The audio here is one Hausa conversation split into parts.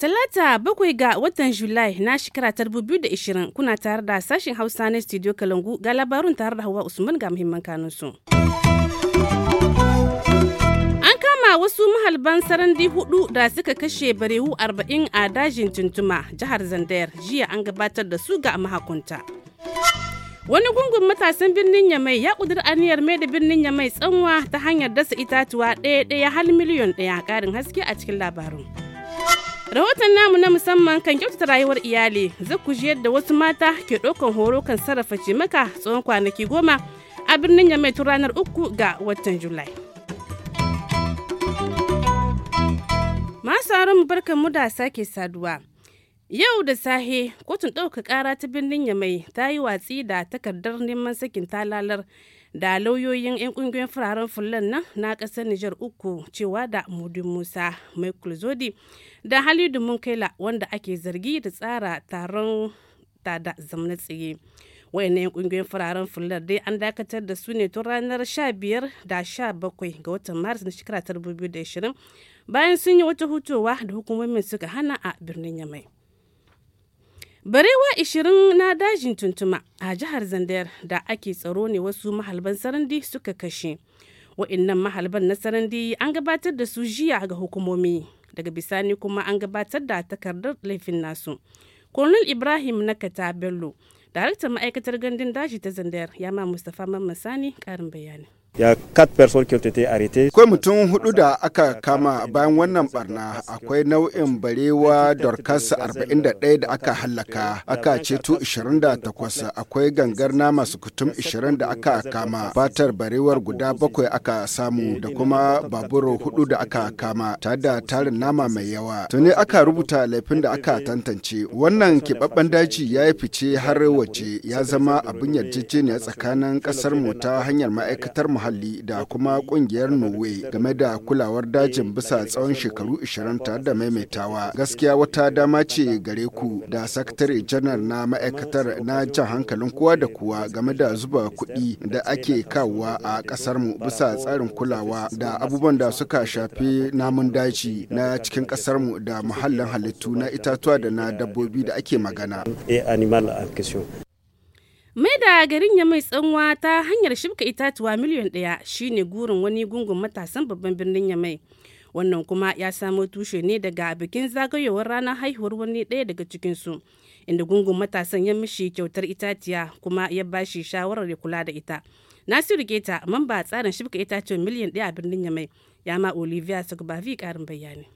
Talata bakwai ga watan Julai na shekara ta 2020 kuna tare da sashen Hausa na studio Kalangu ga labarun tare da Hawa Usman ga muhimman kanunsu. A wasu mahalban sarandi hudu da suka kashe barewu arba'in a dajin tuntuma jihar zandayar jiya an gabatar da su ga mahakunta wani gungun matasan birnin yamai ya kudur aniyar mai da birnin yamai tsanwa ta hanyar dasa itatuwa ɗaya ɗaya hal miliyon ɗaya ƙarin haske a cikin labarin rahoton namu na musamman kan kyautata rayuwar iyali zai kuji yadda wasu mata ke ɗaukan horo kan sarrafa cimaka tsawon kwanaki goma a birnin yamai tun ranar uku ga watan julai Masu mu barkan mu da sake saduwa. Yau da sahe kotun ɗauka ƙara ta birnin Yamai ta yi watsi da takardar neman sakin talalar da lauyoyin 'yan ƙungiyoyin fararen fulan nan na ƙasar Nijar uku cewa da Mudin Musa Michael Zodi da Halidu Munkaila wanda ake zargi da tsara taron tada zamna tsaye. wayannan kungiyoyin fararen fular dai an dakatar da su ne tun ranar 15 da 17 ga watan maris na shekara 2020 bayan sun yi wata hutowa da hukumomin suka hana a birnin yamai barewa 20 na dajin tuntuma a jihar zandar da ake tsaro ne wasu mahalban sarandi suka kashe wa'annan mahalban na sarandi an gabatar da su jiya ga hukumomi daga bisani kuma an gabatar da takardar laifin nasu colonel ibrahim na bello daraktan ma'aikatar gandun daji ta zandayar ya ma mustapha mamman sani karin bayani ya kat person ke tete akwai mutum hudu da aka kama bayan wannan barna akwai nau'in barewa dorkas 41 da aka hallaka aka ceto 28 akwai gangar nama kutum 20 da aka kama fatar barewar guda bakwai aka samu da kuma baburo hudu da aka kama ta da tarin nama mai yawa tuni aka rubuta laifin da aka tantance wannan keɓaɓɓen daji ya yi fice har waje ya zama abin yarjejeniya tsakanin ƙasarmu mu ta hanyar ma'aikatar mu muhalli da kuma kungiyar norway game da kulawar dajin bisa tsawon shekaru 20 tare da maimaitawa gaskiya wata dama ce gare ku da sakatare janar na ma'aikatar na jan hankalin kowa da kowa game da zuba kuɗi da ake kawowa a ƙasar mu bisa tsarin kulawa da abubuwan da suka shafi namun daji na cikin ƙasar mu da muhallin halittu na itatuwa da na dabbobi da ake magana. mai da garin ya mai tsanwa ta hanyar shibka itatuwa miliyan daya shine gurin wani gungun matasan babban birnin yamai wannan kuma ya samo tushe ne daga bikin zagayowar ranar haihuwar wani daya daga cikinsu inda gungun matasan ya mishi kyautar itatiya kuma ya bashi shawarar ya kula da ita nasiru geta mamba tsarin shibka itatuwa miliyan ɗaya a birnin yamai ya ma olivia sugbavi karin bayani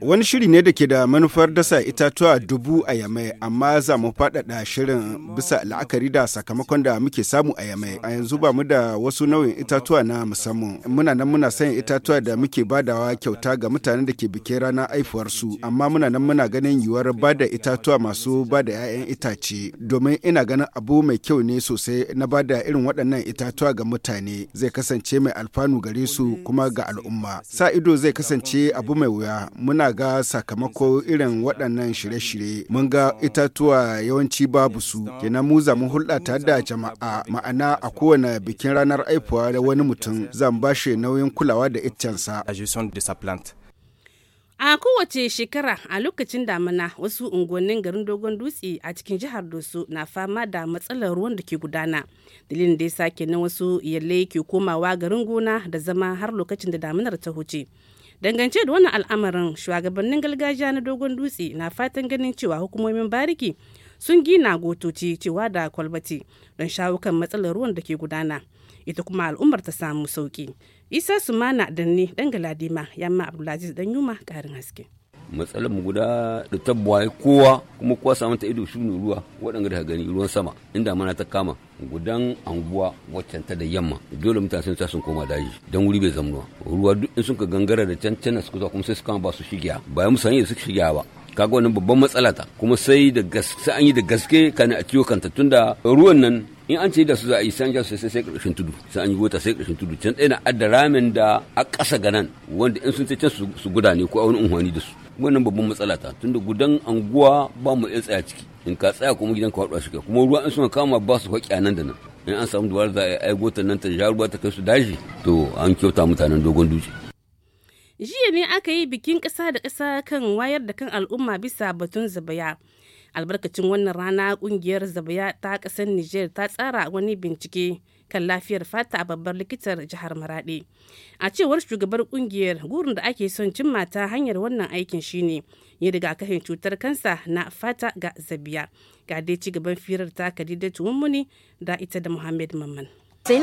Wani shiri ne da ke da manufar dasa itatuwa dubu a Yamai, amma za mu faɗaɗa shirin bisa la'akari da sakamakon da muke samu a Yamai. A yanzu ba mu da wasu nau'in itatuwa na musamman. Muna nan muna sanya itatuwa da muke badawa kyauta ga mutanen da ke bikin rana aifuwarsu, amma muna nan muna ganin yiwuwar ba da itatuwa masu ba da 'ya'yan itace. Domin ina ganin abu mai kyau ne sosai na ba da irin waɗannan itatuwa ga mutane. Zai kasance mai alfanu gare su kuma ga al'umma. Sa ido zai kasance kasance abu mai wuya muna ga sakamako irin waɗannan shirye-shirye mun ga itatuwa yawanci babu su kenan mu zamu hulɗa ta da jama'a ma'ana a kowane bikin ranar aifuwa da wani mutum zan ba shi nauyin kulawa da itcensa. A kowace shekara a lokacin damina wasu unguwannin garin Dogon Dutse a cikin jihar Doso na fama da matsalar ruwan da ke gudana. Dalilin da ya sake na wasu iyalai ke komawa garin gona da zama har lokacin da daminar ta huce. dangance da wannan al'amarin shugabannin gargajiya na dogon dutse na fatan ganin cewa hukumomin bariki sun gina gotoci cewa da kwalbati don shawo kan matsalar ruwan da ke gudana ita kuma al'ummar ta samu sauki isa sumana danne dan galadima yamma abdulaziz dan yuma karin haske matsalar mu guda da tabbaye kowa kuma kowa samun ta ido shine ruwa waɗanda da gani ruwan sama inda mana ta kama gudan anguwa waccan ta da yamma dole mutane sun sun koma daji dan wuri bai zama ruwa duk in sun gangara da can can suka kuma sai su kama ba su shigiya ba mu da su shigiya ba kaga wannan babban matsala ta kuma sai da sai an yi da gaske kana a ciwo kanta tunda ruwan nan in an ce da su za a yi san sai sai sai karshen tudu sai an yi wata sai karshen tudu can ɗaya na adda ramin da a ƙasa ganan wanda in sun ce can su gudane ko a wani unhwani da su wannan babban matsala ta tunda gudan anguwa ba mu tsaya ciki in ka tsaya kuma gidan ka faɗuwa shi kuma ruwa in suna kama ba su faƙi nan da nan in an samu duwar za a aigo ta nan ta ja ruwa ta kai su daji to an kyauta mutanen dogon dutse. jiya ne aka yi bikin ƙasa da ƙasa kan wayar da kan al'umma bisa batun zabaya albarkacin wannan rana ƙungiyar zabaya ta ƙasar niger ta tsara wani bincike kan lafiyar fata a babbar likitar jihar Maraɗi. A cewar shugabar kungiyar gurin da ake son cimma ta hanyar wannan aikin shine yin rigakafin cutar kansa na fata ga zabiya. Ga dai ci gaban firar ta kadida Tuwummuni da ita da Muhammad Mamman. Aiki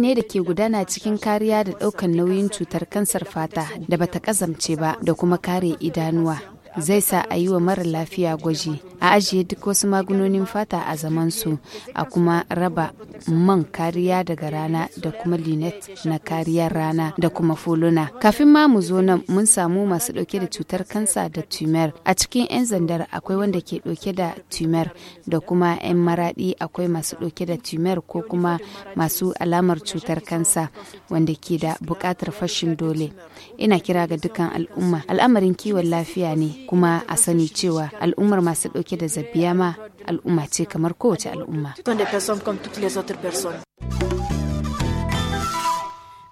ne da ke gudana cikin kariya da ɗaukan nauyin cutar kansar fata da bata kazamce ba da kuma kare idanuwa. Zai sa a yi wa mara lafiya gwaji a ajiye duk wasu magunonin fata a zaman su a kuma raba man kariya daga rana da kuma linet na kariyar rana da kuma fuluna kafin ma mu zo nan mun samu masu dauke da cutar kansa da tumer a cikin 'yan zandar akwai wanda ke dauke da tumer da kuma 'yan maradi akwai masu dauke da tumer ko kuma masu alamar cutar kansa wanda ke da bukatar fashin dole ina kira ga dukkan al'umma al'amarin kiwon lafiya ne kuma a sani cewa al'ummar masu ɗauke take da zabiya ma al'umma ce kamar kowace al'umma.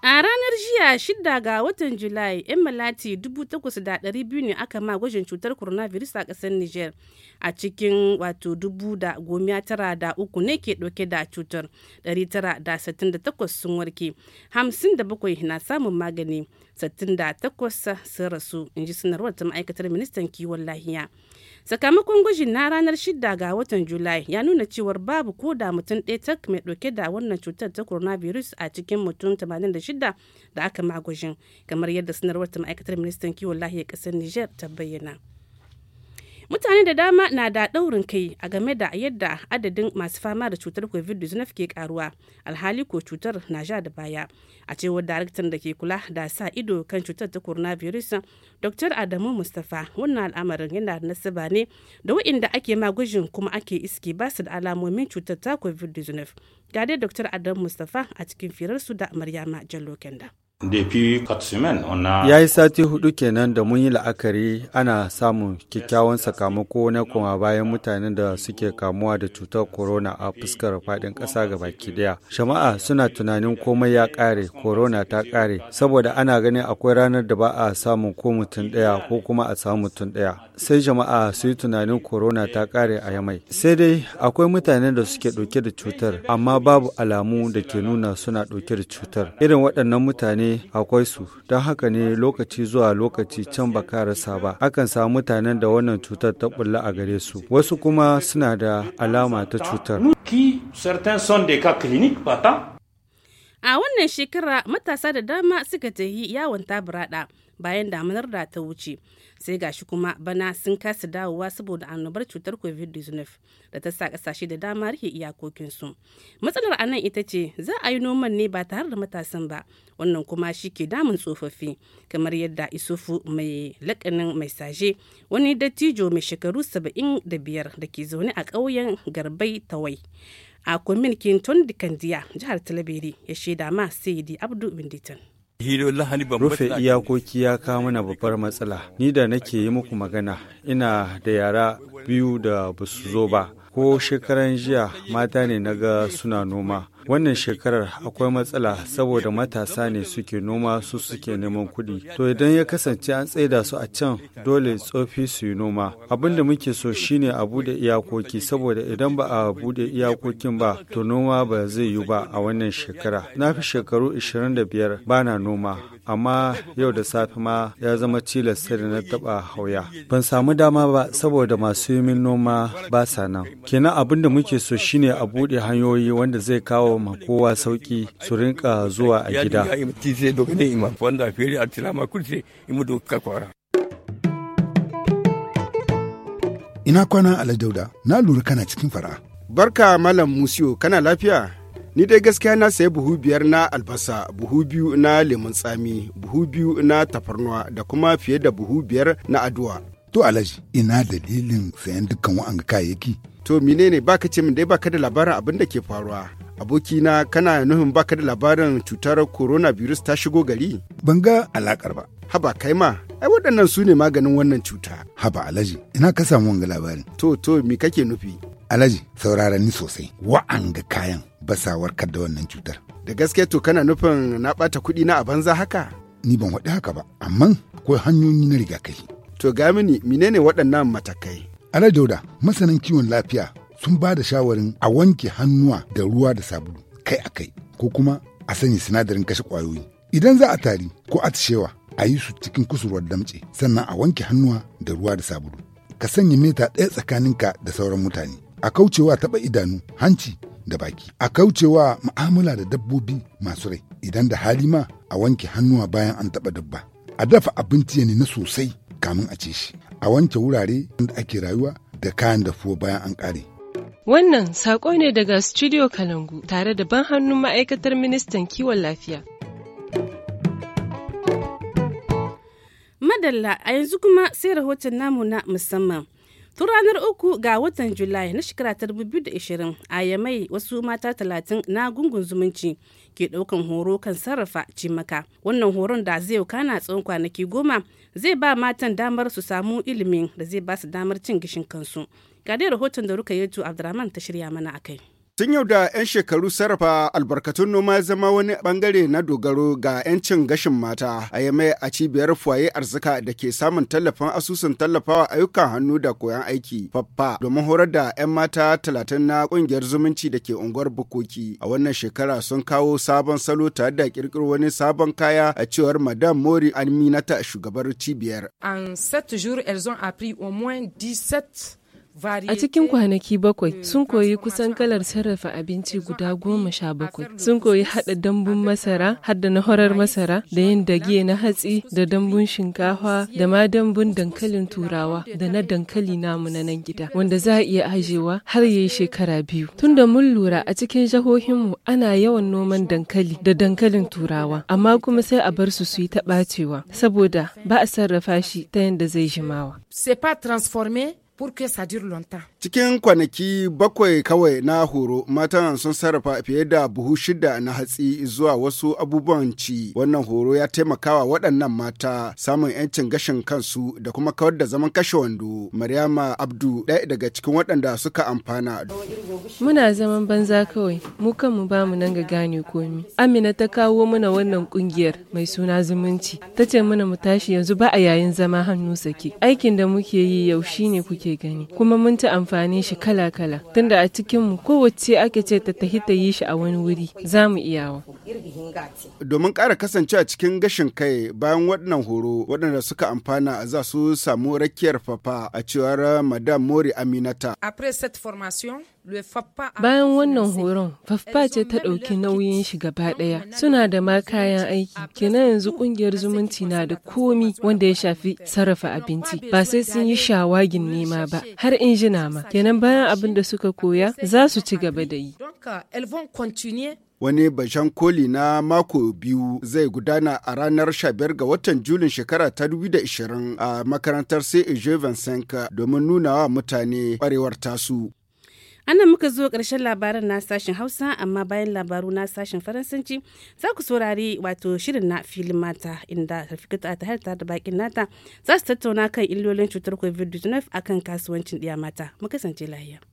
A ranar jiya shidda ga watan Julai, 'yan malati 8,200 ne aka ma gwajin cutar coronavirus a ƙasar Nijar a cikin wato uku ne ke ɗauke da cutar 968 sun warke, 57 na samun magani, 68 sun rasu, in ji sanarwar ta ma'aikatar ministan kiwon lahiya. sakamakon gwajin na ranar 6 ga watan julai ya nuna cewar babu ko da mutum ɗaya tak mai ɗauke da wannan cutar ta coronavirus a cikin mutum 86 da aka magwajin kamar yadda sanarwar ta ma'aikatar ministan kiwon lahiyar ƙasar niger ta bayyana mutane da dama na da daurin kai a game da yadda adadin masu fama da cutar covid-19 ke karuwa alhali ko cutar na ja da baya a cewar daraktan da ke kula da sa ido kan cutar ta coronavirus dr adamu mustapha wannan al'amarin yana da nasaba ne da wa'inda ake magujin kuma ake iske ba su da alamomin cutar ta covid-19 ga dai dr adamu mustapha a cikin firarsu da maryama jallo kenda Ya yi sati hudu kenan da mun yi la'akari ana samun kyakkyawan sakamako na kuma bayan mutanen da suke kamuwa da cutar corona a fuskar fadin kasa ga baki daya. Shama'a suna tunanin komai ya kare corona ta kare saboda ana ganin akwai ranar da ba a samun ko mutum daya ko kuma a samu mutum daya Sai jama'a su yi tunanin corona ta kare a yamai. Sai dai akwai mutanen da suke ɗauke da cutar, amma babu alamu da ke nuna suna ɗauke da cutar. Irin waɗannan mutane akwai su don haka ne lokaci zuwa lokaci can ba ka rasa ba akan samu mutanen da wannan cutar ta bulla a gare su wasu kuma suna da alama ta cutar a wannan shekara matasa da dama suka tafi yawon taburada bayan damanar da ta wuce sai gashi kuma bana sun kasa dawowa saboda annobar cutar covid-19 da ta sa kasashe da dama rike iyakokinsu matsalar anan ita ce za a yi noman ne ba har da matasan ba wannan kuma shi ke damun tsofaffi kamar yadda isufu mai lakanin mai saje wani dattijo mai shekaru 75 da ke zaune a ƙauyen garbai tawai a kwamin kinton dikandiya jihar talabiri ya shaida ma sayidi abdu binditan Rufe iyakoki ya kawo mana babbar matsala. Ni da nake yi muku magana, ina da yara biyu da ba su zo ba. Ko shekaran jiya mata ne na ga suna noma, Wannan shekarar akwai matsala saboda matasa ne suke noma su suke neman kuɗi. To idan ya kasance an tsaida su a can dole tsofi su yi noma. Abin da muke so shine a buɗe iyakoki saboda idan ba a buɗe iyakokin ba to noma ba zai yi ba a wannan shekara. Na fi shekaru 25 bana noma amma yau da safe ma ya zama cilas sai na taɓa hauya. Ban samu dama ba saboda masu yi noma ba sa nan. Kenan abin da muke so shine a buɗe hanyoyi wanda zai kawo ma kowa sauki su rinka zuwa a gida. Ina kwana Aladauda, na lura kana cikin fara. Barka Malam Musiyo, kana lafiya? Ni dai gaskiya na sayi buhu biyar na albasa, buhu biyu na lemun tsami, buhu biyu na tafarnuwa da kuma fiye da buhu biyar na aduwa. To alaji ina dalilin sayan dukkan wa'an kayayyaki. To menene baka ce min dai baka da labarin abin da ke faruwa. Abokina kana nufin baka da labarin cutar coronavirus ta shigo gari? Ban ga alakar ba. Haba kai ma, ai waɗannan su ne maganin wannan cuta. Haba alaji, ina ka samu wanga labarin. To to me kake nufi? Alaji, saurara ni sosai. Wa'anga kayan basawar da wannan cutar. Da gaske to kana nufin na ɓata kuɗi na a banza haka? Ni ban waɗi haka ba, amma akwai hanyoyi na rigakafi. To ga mini menene waɗannan matakai? Ala Dauda, masanan kiwon lafiya sun ba da shawarin a wanke hannuwa da ruwa da sabulu kai a kai ko kuma a sanya sinadarin kashe ƙwayoyi. Idan za a tari ko atishewa a yi su cikin kusurwar damtse sannan a wanke hannuwa da ruwa da sabulu. Ka sanya mita ɗaya tsakaninka da sauran mutane. A kaucewa taɓa idanu, hanci da baki a kaucewa ma'amula da dabbobi masu rai idan da hali ma a wanke hannuwa bayan an taɓa dabba a dafa abinci ya na sosai kamin a ce shi a wanke wurare da ake rayuwa da kayan dafuwa bayan an kare. Wannan saƙo ne daga Studio Kalangu tare da ban hannun ma'aikatar ministan kiwon lafiya. Madalla a yanzu kuma sai rahoton namu na musamman. Tun ranar uku ga watan Julai na shekara ta 2020 a Yamai wasu mata talatin na gungun zumunci ke daukan horo kan sarrafa cimaka. Wannan horon da zai kana tsawon kwanaki goma zai ba matan damar su samu ilimin da zai ba su damar cin gishin kansu. Ga dai rahoton da Rukayetu Abdurrahman ta shirya mana akai. Tun yau da 'yan shekaru sarrafa albarkatun noma zama wani bangare na dogaro ga 'yancin gashin mata a yamai a cibiyar fwaye arzika da ke samun tallafin asusun tallafawa ayyukan hannu da koyon aiki faffa domin horar da 'yan mata talatin na kungiyar zumunci da ke unguwar bukoki. A wannan shekara sun kawo sabon salo tare da kirkiro wani sabon kaya a cewar Madam Mori Aminata shugabar cibiyar. En set jours, elles ont appris au moins 17 A cikin kwanaki bakwai hmm, sun koyi kusan kalar sarrafa abinci guda goma sha bakwai. Sun koyi haɗa dambun masara, hadda na horar masara, da yin dage na hatsi, da dambun shinkafa, da ma dambun dankalin turawa, da na dankali namu na nan gida, wanda za a iya ajewa har yayi shekara biyu. Tun da mun lura a cikin mu ana yawan noman dankali da dankalin turawa, amma kuma sai a bar su su yi ta ɓacewa, saboda ba a sarrafa shi ta yadda zai jimawa. C'est pas transformé pour que ça dure longtemps. Cikin kwanaki bakwai kawai na horo, matan sun sarrafa fiye da buhu shida na hatsi zuwa wasu abubuwan ci. Wannan horo ya taimakawa waɗannan mata samun 'yancin gashin kansu da kuma kawar da zaman kashe wando. Maryama Abdu ɗaya daga cikin waɗanda suka amfana. Muna zaman banza kawai, mu kan ba mu nan ga gane komi. Amina ta kawo mana wannan ƙungiyar mai suna zumunci. Ta ce mana mu tashi yanzu ba a yayin zama hannu sake. Aikin da muke yi yau shine kuke gani, kuma mun ta amfani amfani shi kala-kala tunda a cikinmu kowace ake ce ta tahi ta yi shi a wani wuri za mu iyawa. Domin ƙara kasance a cikin gashin kai bayan wannan horo waɗanda suka amfana za su samu rakiyar fafa a cewar Madam Mori Aminata. Après Bayan wannan horon, Faffa ce ta ɗauki nauyin shi gaba ɗaya. Suna da ma kayan aiki. Kenan yanzu ƙungiyar zumunci na da komi wanda ya shafi sarrafa abinci. Ba sai sun yi shawagin nema ba, har injina ma. Kenan bayan abin da suka koya, za su ci gaba da yi. Euh, wani bashan koli na mako biyu zai gudana a ranar 15 ga watan julin shekara ta 2020 a makarantar sai e domin nuna wa mutane kwarewar tasu. anan muka zo ƙarshen labaran na sashen hausa amma bayan labaru na sashen faransanci za ku saurari wato shirin na filin mata inda rafikata ta tahar da bakin nata za su tattauna kan illolin cutar covid-19 akan kasuwancin ɗiya mata mu kasance lahiya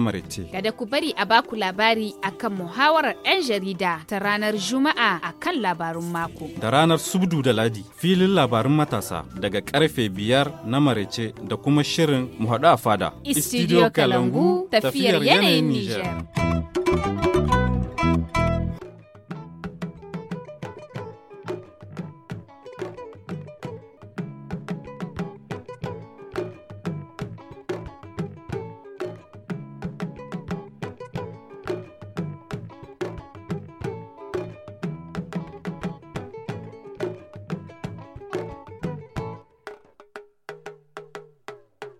na Kada ku bari a baku labari akan muhawarar 'yan jarida ta ranar Juma'a akan labarun mako. Da ranar Subdu da Ladi filin labarun matasa daga karfe biyar na Marite da kuma shirin muhaɗu a fada. Istidiyo Kalangu tafiyar yanayin Nijar.